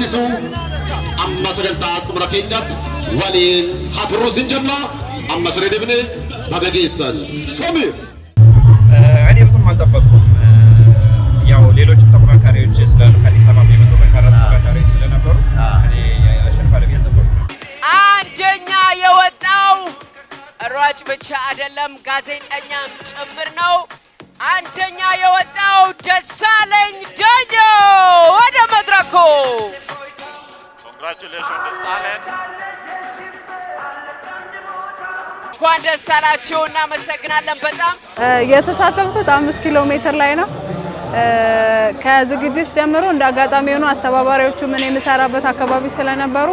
barsiisuu amma sagantaa kuma keenyatti waliin haa turruus hin jenna amma siree deebinee baga geessan sami እኔ ብዙም አልጠበቅኩም። ያው ሌሎችም ተፎካካሪዎች ስለሆኑ ከአዲስ አበባ የመጡ ጠንካራ ተፎካካሪዎች ስለነበሩ እኔ አሸንፋለሁ ብዬ አልጠበቅኩም። አንደኛ የወጣው ሯጭ ብቻ አይደለም ጋዜጠኛም ጭምር ነው። አንደኛ የወጣው ደሳለኝ ዳኘው ወደ መድረኩ እንኳን ደስ አላችሁ። እናመሰግናለን። በጣም የተሳተፍኩት አምስት ኪሎ ሜትር ላይ ነው። ከዝግጅት ጀምሮ እንደ አጋጣሚ የሆኑ አስተባባሪዎቹ ምን የምሰራበት አካባቢ ስለነበሩ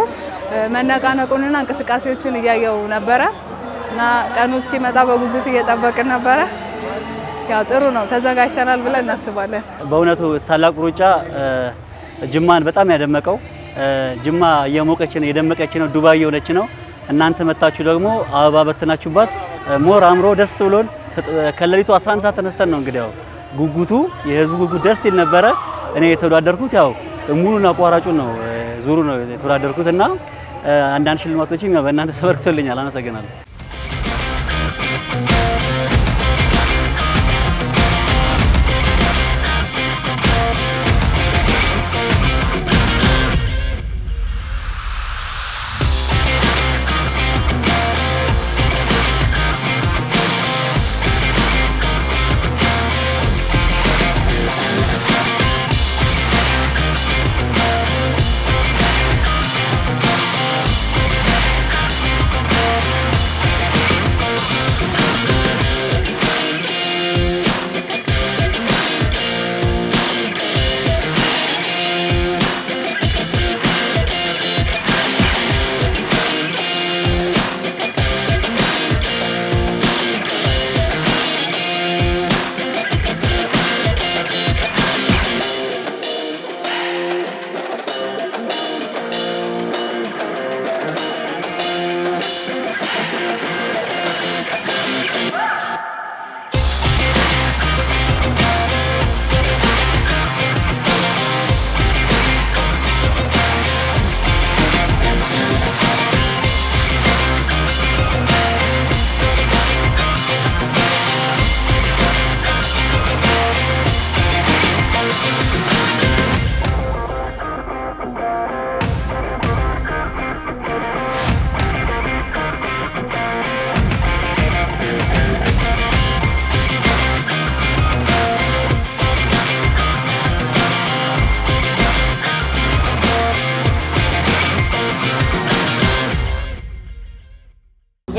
መነቃነቁንና እንቅስቃሴዎቹን እያየው ነበረ እና ቀኑ እስኪመጣ በጉጉት እየጠበቅን ነበረ። ያው ጥሩ ነው ተዘጋጅተናል ብለን እናስባለን። በእውነቱ ታላቁ ሩጫ ጅማን በጣም ያደመቀው ጅማ እየሞቀች ነው የደመቀች ነው ዱባይ እየሆነች ነው። እናንተ መታችሁ ደግሞ አበባ በትናችሁባት ሞር አምሮ ደስ ብሎን ከሌሊቱ 11 ሰዓት ተነስተን ነው እንግዲህ ያው ጉጉቱ የህዝቡ ጉጉት ደስ ይል ነበረ። እኔ የተወዳደርኩት ያው ሙሉን አቋራጩ ነው ዙሩ ነው የተወዳደርኩት እና አንዳንድ ሽልማቶችም ያው በእናንተ ተበርክቶልኛል። አመሰግናለሁ።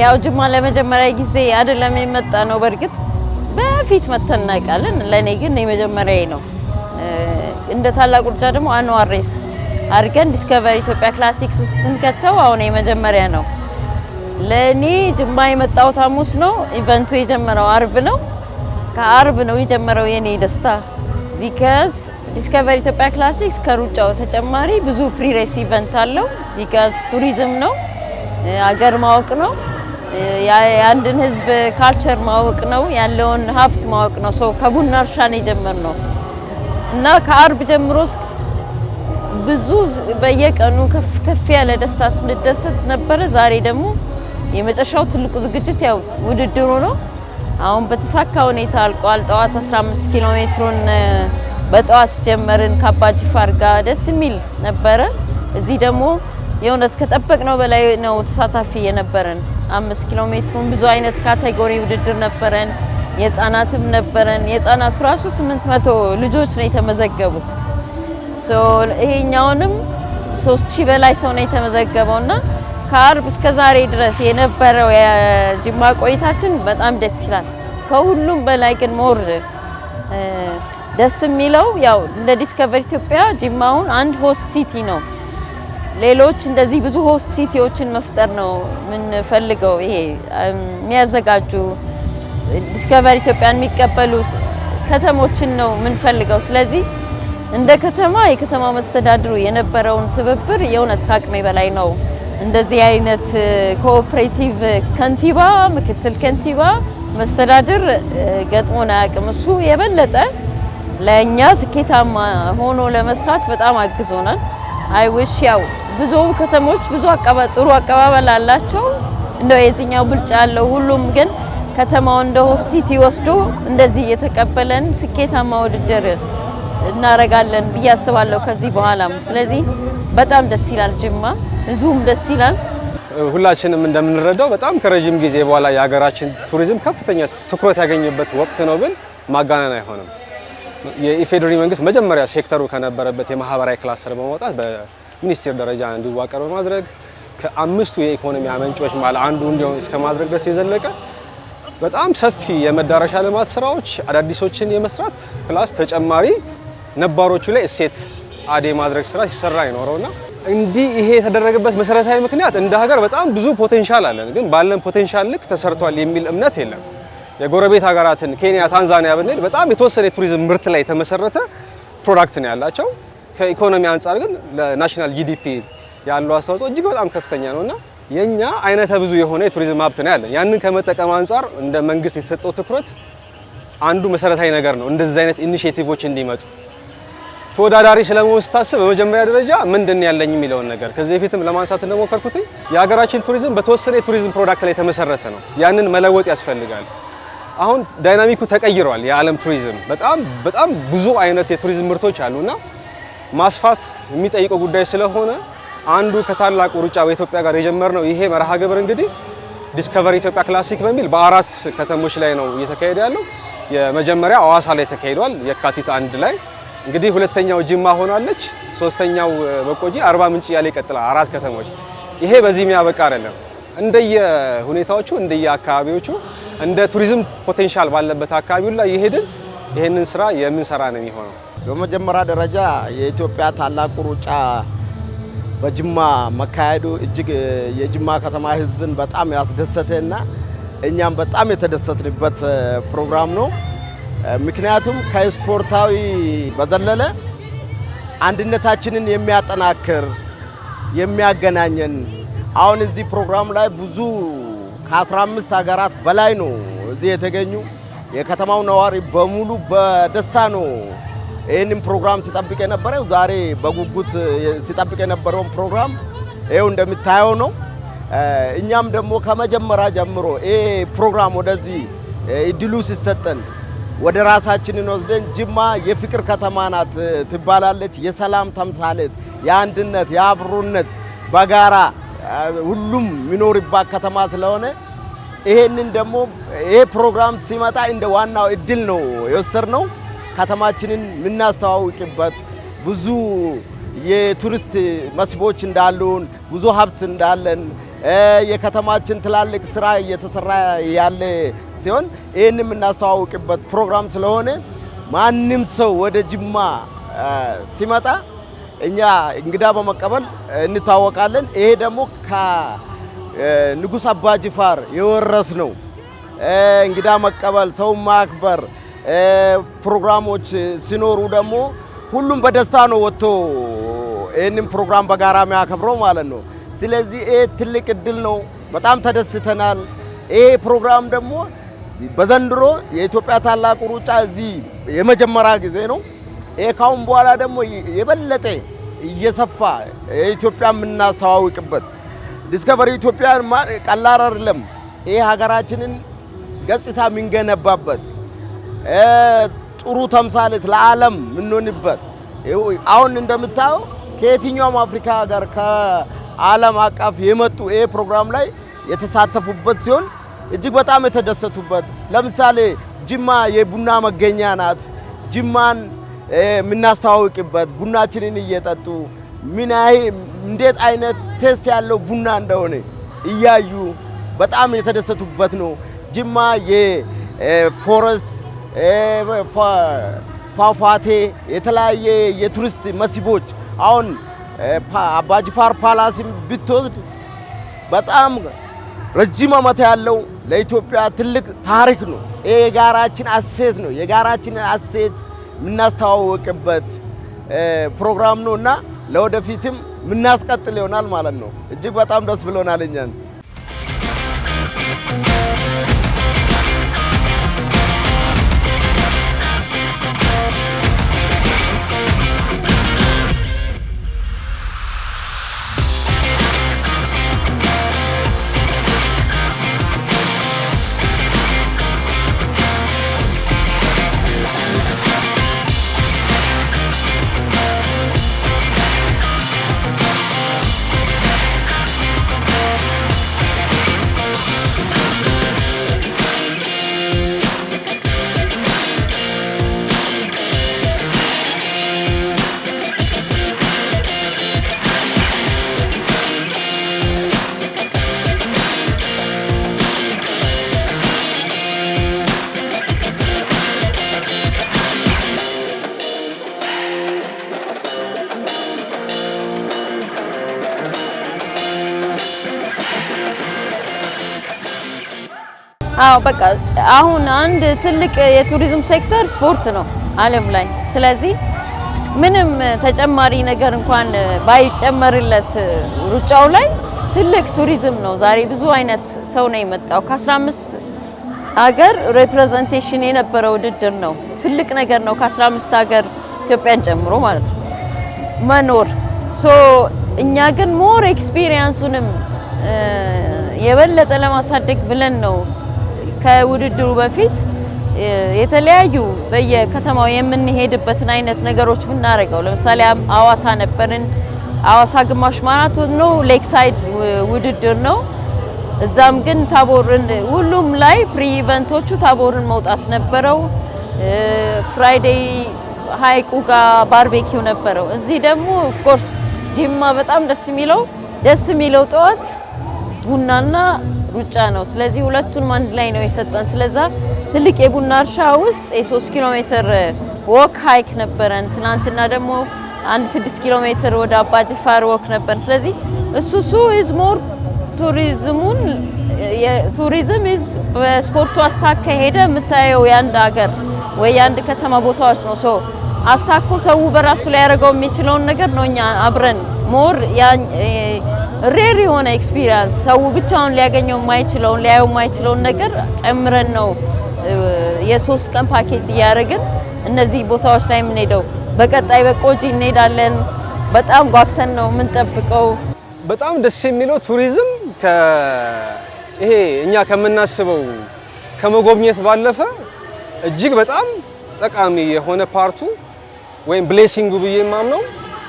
ያው ጅማ ለመጀመሪያ ጊዜ አይደለም የመጣ ነው። በእርግጥ በፊት መተን እናውቃለን። ለእኔ ግን የመጀመሪያ ነው። እንደ ታላቁ ሩጫ ደግሞ አኗዋር ሬስ አድርገን ዲስከቨሪ ኢትዮጵያ ክላሲክስ ውስጥ ስንከተው አሁን የመጀመሪያ ነው። ለእኔ ጅማ የመጣሁት ሐሙስ ነው። ኢቨንቱ የጀመረው አርብ ነው። ከአርብ ነው የጀመረው የኔ ደስታ ቢካዝ ዲስከቨሪ ኢትዮጵያ ክላሲክስ ከሩጫው ተጨማሪ ብዙ ፕሪሬስ ኢቨንት አለው። ቢካዝ ቱሪዝም ነው፣ አገር ማወቅ ነው። የአንድን ህዝብ ካልቸር ማወቅ ነው፣ ያለውን ሀብት ማወቅ ነው። ሰው ከቡና እርሻን የጀመር ነው እና ከአርብ ጀምሮ ብዙ በየቀኑ ከፍ ከፍ ያለ ደስታ ስንደሰት ነበረ። ዛሬ ደግሞ የመጨረሻው ትልቁ ዝግጅት ያው ውድድሩ ነው። አሁን በተሳካ ሁኔታ አልቋል። ጠዋት 15 ኪሎ ሜትሩን በጠዋት ጀመርን ከአባጅፋር ጋር ደስ የሚል ነበረ። እዚህ ደግሞ የእውነት ከጠበቅነው በላይ ነው ተሳታፊ የነበረን። አምስት ኪሎ ሜትሩን ብዙ አይነት ካቴጎሪ ውድድር ነበረን፣ የህፃናትም ነበረን። የህፃናቱ ራሱ ስምንት መቶ ልጆች ነው የተመዘገቡት። ይሄኛውንም ሶስት ሺህ በላይ ሰው ነው የተመዘገበው እና ከአርብ እስከ ዛሬ ድረስ የነበረው የጅማ ቆይታችን በጣም ደስ ይላል። ከሁሉም በላይ ግን ሞር ደስ የሚለው ያው እንደ ዲስከቨር ኢትዮጵያ ጅማውን አንድ ሆስት ሲቲ ነው ሌሎች እንደዚህ ብዙ ሆስት ሲቲዎችን መፍጠር ነው የምንፈልገው። ይሄ የሚያዘጋጁ ዲስከቨር ኢትዮጵያን የሚቀበሉ ከተሞችን ነው የምንፈልገው። ስለዚህ እንደ ከተማ የከተማ መስተዳድሩ የነበረውን ትብብር የእውነት ከአቅሜ በላይ ነው። እንደዚህ አይነት ኮኦፕሬቲቭ ከንቲባ፣ ምክትል ከንቲባ፣ መስተዳድር ገጥሞን አያውቅም። እሱ የበለጠ ለእኛ ስኬታማ ሆኖ ለመስራት በጣም አግዞናል። አይ ውሽ ያው ብዙ ከተሞች ብዙ ጥሩ አቀባበል አላቸው። እንደው የትኛው ብልጫ አለው? ሁሉም ግን ከተማው እንደ ሆስቲቲ ወስዶ እንደዚህ እየተቀበለን ስኬታማ ውድድር እናረጋለን ብዬ አስባለሁ ከዚህ በኋላም። ስለዚህ በጣም ደስ ይላል ጅማ፣ ህዝቡም ደስ ይላል። ሁላችንም እንደምንረዳው በጣም ከረዥም ጊዜ በኋላ የሀገራችን ቱሪዝም ከፍተኛ ትኩረት ያገኘበት ወቅት ነው። ግን ማጋነን አይሆንም። የኢፌዴሪ መንግስት መጀመሪያ ሴክተሩ ከነበረበት የማህበራዊ ክላስተር በመውጣት ሚኒስቴር ደረጃ እንዲዋቀር በማድረግ ከአምስቱ የኢኮኖሚ አመንጮች ማለት አንዱ እንዲሆን እስከ ማድረግ ድረስ የዘለቀ በጣም ሰፊ የመዳረሻ ልማት ስራዎች አዳዲሶችን የመስራት ፕላስ ተጨማሪ ነባሮቹ ላይ እሴት አዴ ማድረግ ስራ ሲሰራ ይኖረውና እንዲህ ይሄ የተደረገበት መሰረታዊ ምክንያት እንደ ሀገር በጣም ብዙ ፖቴንሻል አለን፣ ግን ባለን ፖቴንሻል ልክ ተሰርቷል የሚል እምነት የለም። የጎረቤት ሀገራትን ኬንያ፣ ታንዛኒያ ብንሄድ በጣም የተወሰነ የቱሪዝም ምርት ላይ የተመሰረተ ፕሮዳክት ነው ያላቸው። ከኢኮኖሚ አንጻር ግን ለናሽናል ጂዲፒ ያለው አስተዋጽኦ እጅግ በጣም ከፍተኛ ነው እና የእኛ አይነተ ብዙ የሆነ የቱሪዝም ሀብት ነው ያለን። ያንን ከመጠቀም አንጻር እንደ መንግስት የተሰጠው ትኩረት አንዱ መሰረታዊ ነገር ነው። እንደዚህ አይነት ኢኒሼቲቮች እንዲመጡ ተወዳዳሪ ስለመሆን ስታስብ በመጀመሪያ ደረጃ ምንድን ያለኝ የሚለውን ነገር ከዚህ በፊትም ለማንሳት እንደሞከርኩት የሀገራችን ቱሪዝም በተወሰነ የቱሪዝም ፕሮዳክት ላይ የተመሰረተ ነው። ያንን መለወጥ ያስፈልጋል። አሁን ዳይናሚኩ ተቀይሯል። የዓለም ቱሪዝም በጣም በጣም ብዙ አይነት የቱሪዝም ምርቶች አሉና ማስፋት የሚጠይቀው ጉዳይ ስለሆነ አንዱ ከታላቁ ሩጫ በኢትዮጵያ ጋር የጀመርነው ይሄ መርሃ ግብር እንግዲህ ዲስከቨር ኢትዮጵያ ክላሲክ በሚል በአራት ከተሞች ላይ ነው እየተካሄደ ያለው። የመጀመሪያ አዋሳ ላይ ተካሂዷል፣ የካቲት አንድ ላይ እንግዲህ ሁለተኛው ጅማ ሆናለች፣ ሶስተኛው በቆጂ፣ አርባ ምንጭ እያለ ይቀጥላል። አራት ከተሞች ይሄ በዚህ የሚያበቃ አይደለም። እንደየ ሁኔታዎቹ እንደየ አካባቢዎቹ እንደ ቱሪዝም ፖቴንሻል ባለበት አካባቢው ላይ የሄድን ይህንን ስራ የምንሰራ ነው የሚሆነው። በመጀመሪያ ደረጃ የኢትዮጵያ ታላቁ ሩጫ በጅማ መካሄዱ እጅግ የጅማ ከተማ ህዝብን በጣም ያስደሰተ እና እኛም በጣም የተደሰትንበት ፕሮግራም ነው። ምክንያቱም ከስፖርታዊ በዘለለ አንድነታችንን የሚያጠናክር የሚያገናኘን አሁን እዚህ ፕሮግራም ላይ ብዙ ከ15 ሀገራት በላይ ነው እዚህ የተገኙ የከተማው ነዋሪ በሙሉ በደስታ ነው ይህንም ፕሮግራም ሲጠብቅ የነበረው ዛሬ በጉጉት ሲጠብቅ የነበረውን ፕሮግራም ይኸው እንደምታየው ነው። እኛም ደግሞ ከመጀመሪያ ጀምሮ ይሄ ፕሮግራም ወደዚህ እድሉ ሲሰጠን ወደ ራሳችንን ወስደን ጅማ የፍቅር ከተማ ናት ትባላለች። የሰላም ተምሳሌት፣ የአንድነት፣ የአብሮነት በጋራ ሁሉም የሚኖርባት ከተማ ስለሆነ ይሄንን ደግሞ ይሄ ፕሮግራም ሲመጣ እንደ ዋናው እድል ነው የወሰድነው። ከተማችንን የምናስተዋውቅበት ብዙ የቱሪስት መስህቦች እንዳሉን ብዙ ሀብት እንዳለን የከተማችን ትላልቅ ስራ እየተሰራ ያለ ሲሆን ይህን የምናስተዋውቅበት ፕሮግራም ስለሆነ ማንም ሰው ወደ ጅማ ሲመጣ እኛ እንግዳ በመቀበል እንታወቃለን። ይሄ ደግሞ ከንጉሥ አባጅፋር የወረስ ነው። እንግዳ መቀበል፣ ሰው ማክበር ፕሮግራሞች ሲኖሩ ደግሞ ሁሉም በደስታ ነው ወጥቶ ይህንን ፕሮግራም በጋራ የሚያከብረው ማለት ነው። ስለዚህ ይህ ትልቅ እድል ነው። በጣም ተደስተናል። ይሄ ፕሮግራም ደግሞ በዘንድሮ የኢትዮጵያ ታላቁ ሩጫ እዚህ የመጀመሪያ ጊዜ ነው። ይሄ ካሁን በኋላ ደግሞ የበለጠ እየሰፋ የኢትዮጵያ የምናስተዋውቅበት ዲስከቨሪ ኢትዮጵያ ቀላል አይደለም። ይሄ ሀገራችንን ገጽታ የምንገነባበት ጥሩ ተምሳሌት ለዓለም የምንሆንበት አሁን እንደምታየው ከየትኛውም አፍሪካ ሀገር ከዓለም አቀፍ የመጡ ይሄ ፕሮግራም ላይ የተሳተፉበት ሲሆን እጅግ በጣም የተደሰቱበት ለምሳሌ ጅማ የቡና መገኛ ናት። ጅማን የምናስተዋውቅበት ቡናችንን እየጠጡ ምን እንዴት አይነት ቴስት ያለው ቡና እንደሆነ እያዩ በጣም የተደሰቱበት ነው። ጅማ የፎረስት ፏፏቴ፣ የተለያየ የቱሪስት መስህቦች አሁን አባጅፋር ፓላስም ብትወስድ በጣም ረጅም ዓመት ያለው ለኢትዮጵያ ትልቅ ታሪክ ነው። ይሄ የጋራችን አሴት ነው። የጋራችን አሴት የምናስተዋወቅበት ፕሮግራም ነው እና ለወደፊትም የምናስቀጥል ይሆናል ማለት ነው። እጅግ በጣም ደስ ብሎናል እኛን አዎ በቃ አሁን አንድ ትልቅ የቱሪዝም ሴክተር ስፖርት ነው ዓለም ላይ። ስለዚህ ምንም ተጨማሪ ነገር እንኳን ባይጨመርለት ሩጫው ላይ ትልቅ ቱሪዝም ነው። ዛሬ ብዙ አይነት ሰው ነው የመጣው። ከ15 ሀገር ሬፕሬዘንቴሽን የነበረ ውድድር ነው። ትልቅ ነገር ነው። ከ15 ሀገር ኢትዮጵያን ጨምሮ ማለት ነው መኖር ሶ እኛ ግን ሞር ኤክስፒሪየንሱንም የበለጠ ለማሳደግ ብለን ነው ከውድድሩ በፊት የተለያዩ በየከተማው የምንሄድበትን አይነት ነገሮች ብናደርገው፣ ለምሳሌ አዋሳ ነበርን። አዋሳ ግማሽ ማራቶን ነው፣ ሌክሳይድ ውድድር ነው። እዛም ግን ታቦርን ሁሉም ላይ ፕሪ ኢቨንቶቹ ታቦርን መውጣት ነበረው። ፍራይዴይ ሀይቁ ጋር ባርቤኪው ነበረው። እዚህ ደግሞ ኦፍኮርስ ጂማ በጣም ደስ የሚለው ደስ የሚለው ጠዋት ቡናና ሩጫ ነው። ስለዚህ ሁለቱንም አንድ ላይ ነው የሰጠን። ስለዛ ትልቅ የቡና እርሻ ውስጥ የ3 ኪሎ ሜትር ወክ ሀይክ ነበረን። ትናንትና ደግሞ አንድ 6 ኪሎ ሜትር ወደ አባ ጅፋር ወክ ነበር። ስለዚህ እሱ እሱ ኢዝ ሞር ቱሪዝሙን ቱሪዝም ኢዝ በስፖርቱ አስታከ ሄደ የምታየው የአንድ ሀገር ወይ የአንድ ከተማ ቦታዎች ነው። ሶ አስታኮ ሰው በራሱ ላይ ያደርገው የሚችለውን ነገር ነው እኛ አብረን ሞር ሬር የሆነ ኤክስፒሪየንስ ሰው ብቻውን ሊያገኘው የማይችለውን ሊያየው የማይችለውን ነገር ጨምረን ነው የሶስት ቀን ፓኬጅ እያደረግን እነዚህ ቦታዎች ላይ የምንሄደው። በቀጣይ በቆጂ እንሄዳለን። በጣም ጓግተን ነው የምንጠብቀው። በጣም ደስ የሚለው ቱሪዝም ይሄ እኛ ከምናስበው ከመጎብኘት ባለፈ እጅግ በጣም ጠቃሚ የሆነ ፓርቱ ወይም ብሌሲንጉ ብዬ የማምነው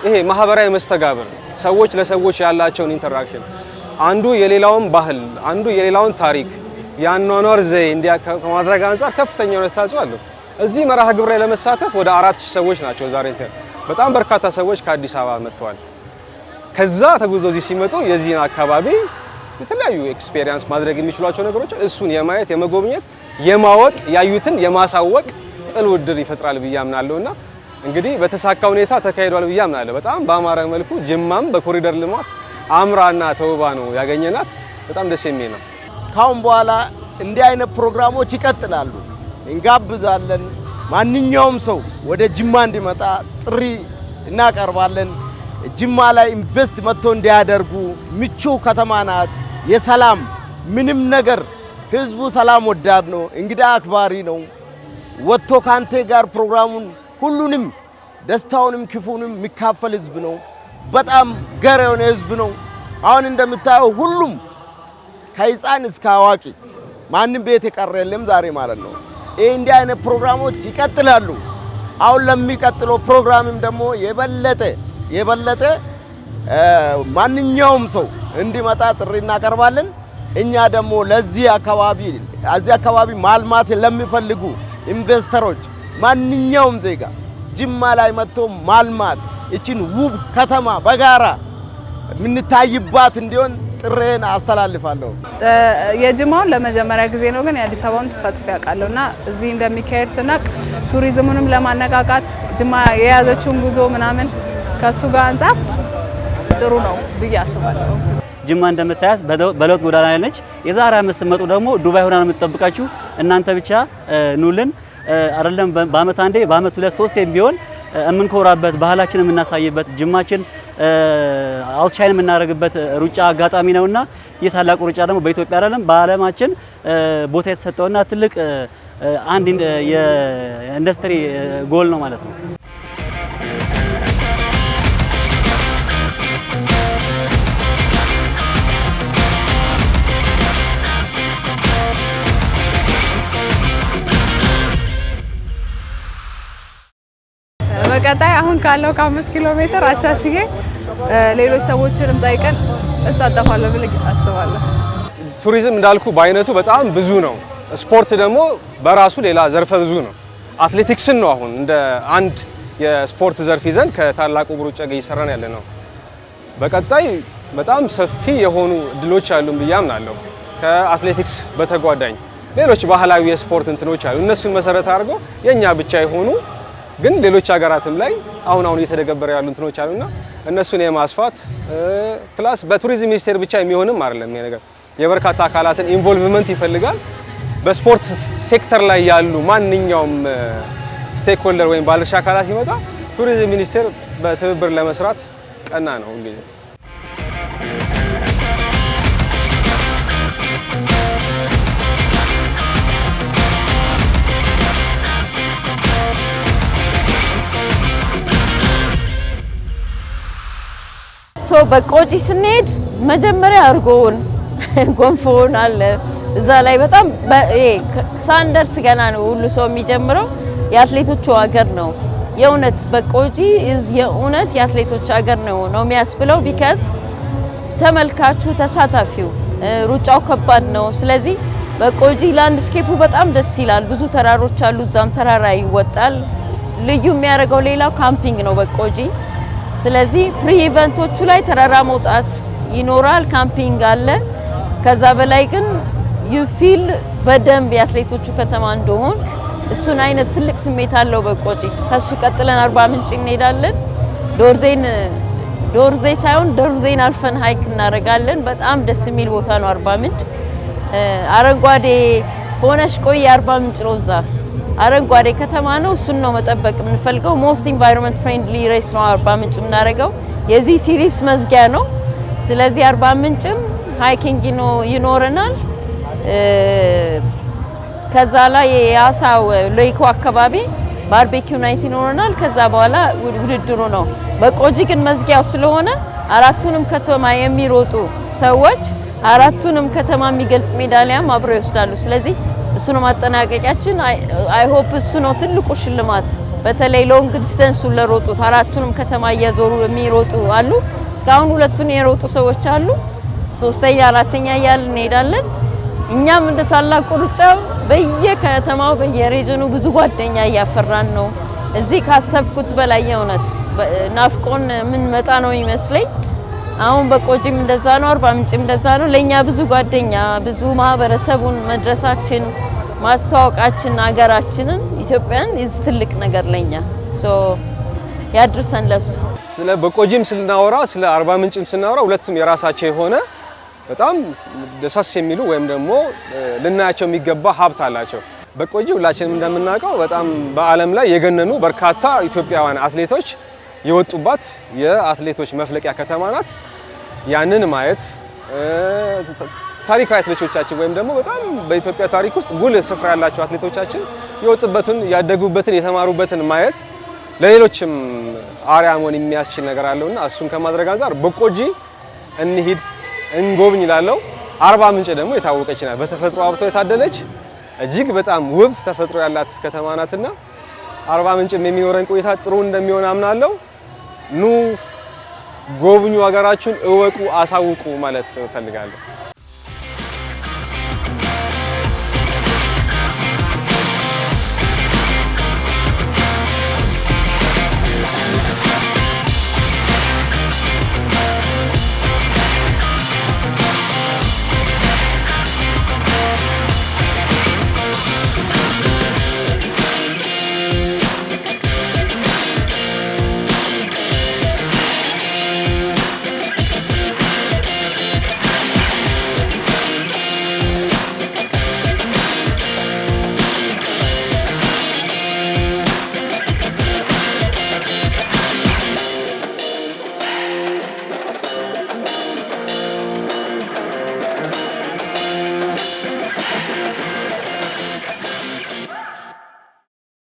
ይሄ ማህበራዊ መስተጋብር ሰዎች ለሰዎች ያላቸውን ኢንተራክሽን አንዱ የሌላውን ባህል አንዱ የሌላውን ታሪክ የአኗኗር ዘዬ እንዲያ ከማድረግ አንጻር ከፍተኛ የሆነ አስተዋጽኦ አለው። እዚህ መርሃ ግብር ላይ ለመሳተፍ ወደ አራት ሺህ ሰዎች ናቸው ዛሬ። በጣም በርካታ ሰዎች ከአዲስ አበባ መጥተዋል። ከዛ ተጉዞ እዚህ ሲመጡ የዚህን አካባቢ የተለያዩ ኤክስፔሪንስ ማድረግ የሚችሏቸው ነገሮች እሱን የማየት የመጎብኘት፣ የማወቅ፣ ያዩትን የማሳወቅ ጥል ውድር ይፈጥራል ብዬ አምናለሁ እና እንግዲህ በተሳካ ሁኔታ ተካሂዷል ብዬ አምናለሁ። በጣም በአማረ መልኩ ጅማም በኮሪደር ልማት አምራና ተውባ ነው ያገኘናት። በጣም ደስ የሚል ነው። ካሁን በኋላ እንዲህ አይነት ፕሮግራሞች ይቀጥላሉ። እንጋብዛለን። ማንኛውም ሰው ወደ ጅማ እንዲመጣ ጥሪ እናቀርባለን። ጅማ ላይ ኢንቨስት መጥቶ እንዲያደርጉ ምቹ ከተማ ናት። የሰላም ምንም ነገር ህዝቡ ሰላም ወዳድ ነው፣ እንግዳ አክባሪ ነው። ወጥቶ ካንተ ጋር ፕሮግራሙን ሁሉንም ደስታውንም ክፉንም የሚካፈል ህዝብ ነው። በጣም ገር የሆነ ህዝብ ነው። አሁን እንደምታየው ሁሉም ከህፃን እስከ አዋቂ ማንም ቤት የቀረ የለም ዛሬ ማለት ነው። ይህ እንዲህ አይነት ፕሮግራሞች ይቀጥላሉ። አሁን ለሚቀጥለው ፕሮግራምም ደግሞ የበለጠ የበለጠ ማንኛውም ሰው እንዲመጣ ጥሪ እናቀርባለን። እኛ ደግሞ ለዚህ አካባቢ እዚህ አካባቢ ማልማት ለሚፈልጉ ኢንቨስተሮች ማንኛውም ዜጋ ጅማ ላይ መጥቶ ማልማት እችን ውብ ከተማ በጋራ የምንታይባት እንዲሆን ጥሬን አስተላልፋለሁ። የጅማውን ለመጀመሪያ ጊዜ ነው፣ ግን የአዲስ አበባውን ተሳትፎ ያውቃለሁ እና እዚህ እንደሚካሄድ ስናቅ ቱሪዝሙንም ለማነቃቃት ጅማ የያዘችውን ጉዞ ምናምን ከእሱ ጋር አንጻር ጥሩ ነው ብዬ አስባለሁ። ጅማ እንደምታያት በለውጥ ጎዳና ያለች። የዛሬ አመት ስትመጡ ደግሞ ዱባይ ሆና ነው የምትጠብቃችሁ። እናንተ ብቻ ኑልን። አይደለም በአመት አንዴ በአመት ሁለት ሶስት የሚሆን የምንኮራበት ባህላችን የምናሳይበት ጅማችን አውትሻይን የምናደርግበት ሩጫ አጋጣሚ ነውና ይህ ታላቁ ሩጫ ደግሞ በኢትዮጵያ አይደለም በዓለማችን ቦታ የተሰጠውና ትልቅ አንድ የኢንዱስትሪ ጎል ነው ማለት ነው። ቀጣይ አሁን ካለው ከአምስት ኪሎ ሜትር አሻሽዬ ሌሎች ሰዎችንም ጠይቀን እሳተፋለሁ ብዬ አስባለሁ። ቱሪዝም እንዳልኩ በአይነቱ በጣም ብዙ ነው። ስፖርት ደግሞ በራሱ ሌላ ዘርፈ ብዙ ነው። አትሌቲክስን ነው አሁን እንደ አንድ የስፖርት ዘርፍ ይዘን ከታላቁ ሩጫ ጋር እየሰራን ያለ ነው። በቀጣይ በጣም ሰፊ የሆኑ እድሎች አሉ ብዬ አምናለሁ። ከአትሌቲክስ በተጓዳኝ ሌሎች ባህላዊ የስፖርት እንትኖች አሉ። እነሱን መሰረት አድርጎ የእኛ ብቻ የሆኑ ግን ሌሎች ሀገራትም ላይ አሁን አሁን እየተደገበረ ያሉ እንትኖች አሉና እነሱን የማስፋት ፕላስ በቱሪዝም ሚኒስቴር ብቻ የሚሆንም አይደለም። ይሄ ነገር የበርካታ አካላትን ኢንቮልቭመንት ይፈልጋል። በስፖርት ሴክተር ላይ ያሉ ማንኛውም ስቴክሆልደር ወይም ባለድርሻ አካላት ይመጣ ቱሪዝም ሚኒስቴር በትብብር ለመስራት ቀና ነው በቆጂ ስንሄድ መጀመሪያ እርጎውን ጎንፎውን አለ እዛ ላይ በጣም ሳንደርስ ገና ነው ሁሉ ሰው የሚጀምረው። የአትሌቶቹ ሀገር ነው የእውነት በቆጂ የእውነት የአትሌቶች ሀገር ነው ነው የሚያስብለው። ቢከዝ ተመልካቹ ተሳታፊው ሩጫው ከባድ ነው። ስለዚህ በቆጂ ላንድስኬፑ በጣም ደስ ይላል። ብዙ ተራሮች አሉ። እዛም ተራራ ይወጣል። ልዩ የሚያደርገው ሌላው ካምፒንግ ነው በቆጂ ስለዚህ ፕሪ ኢቨንቶቹ ላይ ተራራ መውጣት ይኖራል፣ ካምፒንግ አለ። ከዛ በላይ ግን ዩ ፊል በደንብ የአትሌቶቹ ከተማ እንደሆን እሱን አይነት ትልቅ ስሜት አለው። በቆጪ ከሱ ቀጥለን አርባ ምንጭ እንሄዳለን። ዶርዜን ዶርዜ ሳይሆን ዶርዜን አልፈን ሀይክ እናደርጋለን። በጣም ደስ የሚል ቦታ ነው አርባ ምንጭ። አረንጓዴ ሆነሽ ቆይ አርባ ምንጭ ነው እዛ አረንጓዴ ከተማ ነው። እሱን ነው መጠበቅ የምንፈልገው። ሞስት ኢንቫይሮንመንት ፍሬንድሊ ሬስ ነው አርባ ምንጭ የምናደርገው የዚህ ሲሪስ መዝጊያ ነው። ስለዚህ አርባ ምንጭም ሃይኪንግ ይኖረናል። ከዛ ላይ የአሳው ሎይኮ አካባቢ ባርቤኪው ናይት ይኖረናል። ከዛ በኋላ ውድድሩ ነው። በቆጂ ግን መዝጊያው ስለሆነ አራቱንም ከተማ የሚሮጡ ሰዎች አራቱንም ከተማ የሚገልጽ ሜዳሊያም አብረው ይወስዳሉ። ስለዚህ እሱ ነው ማጠናቀቂያችን። አይሆፕ እሱ ነው ትልቁ ሽልማት። በተለይ ሎንግ ዲስተንሱን ለሮጡት አራቱንም ከተማ እያዞሩ የሚሮጡ አሉ። እስካሁን ሁለቱን የሮጡ ሰዎች አሉ። ሶስተኛ አራተኛ እያል እንሄዳለን። እኛም እንደ ታላቁ ሩጫ በየከተማው በየሬጅኑ ብዙ ጓደኛ እያፈራን ነው። እዚህ ካሰብኩት በላይ የእውነት ናፍቆን የምንመጣ ነው ይመስለኝ። አሁን በቆጂም እንደዛ ነው፣ አርባ ምንጭም እንደዛ ነው። ለኛ ብዙ ጓደኛ ብዙ ማህበረሰቡን መድረሳችን ማስተዋወቃችን ሀገራችንን ኢትዮጵያን ይዝ ትልቅ ነገር ለኛ ያድርሰን። ለሱ ስለ በቆጂም ስናወራ ስለ አርባ ምንጭም ስናወራ ሁለቱም የራሳቸው የሆነ በጣም ደሳስ የሚሉ ወይም ደግሞ ልናያቸው የሚገባ ሀብት አላቸው። በቆጂ ሁላችንም እንደምናውቀው በጣም በዓለም ላይ የገነኑ በርካታ ኢትዮጵያውያን አትሌቶች የወጡባት የአትሌቶች መፍለቂያ ከተማ ናት። ያንን ማየት ታሪካዊ አትሌቶቻችን ወይም ደግሞ በጣም በኢትዮጵያ ታሪክ ውስጥ ጉልህ ስፍራ ያላቸው አትሌቶቻችን የወጡበትን፣ ያደጉበትን፣ የተማሩበትን ማየት ለሌሎችም አርአያ መሆን የሚያስችል ነገር አለውና እሱን ከማድረግ አንጻር በቆጂ እንሂድ እንጎብኝ ላለው አርባ ምንጭ ደግሞ የታወቀች ናት። በተፈጥሮ ሀብቷ የታደለች እጅግ በጣም ውብ ተፈጥሮ ያላት ከተማ ናትና አርባ ምንጭም የሚኖረን ቆይታ ጥሩ እንደሚሆን አምናለው። ኑ ጎብኙ፣ ሀገራችሁን እወቁ፣ አሳውቁ ማለት እፈልጋለሁ።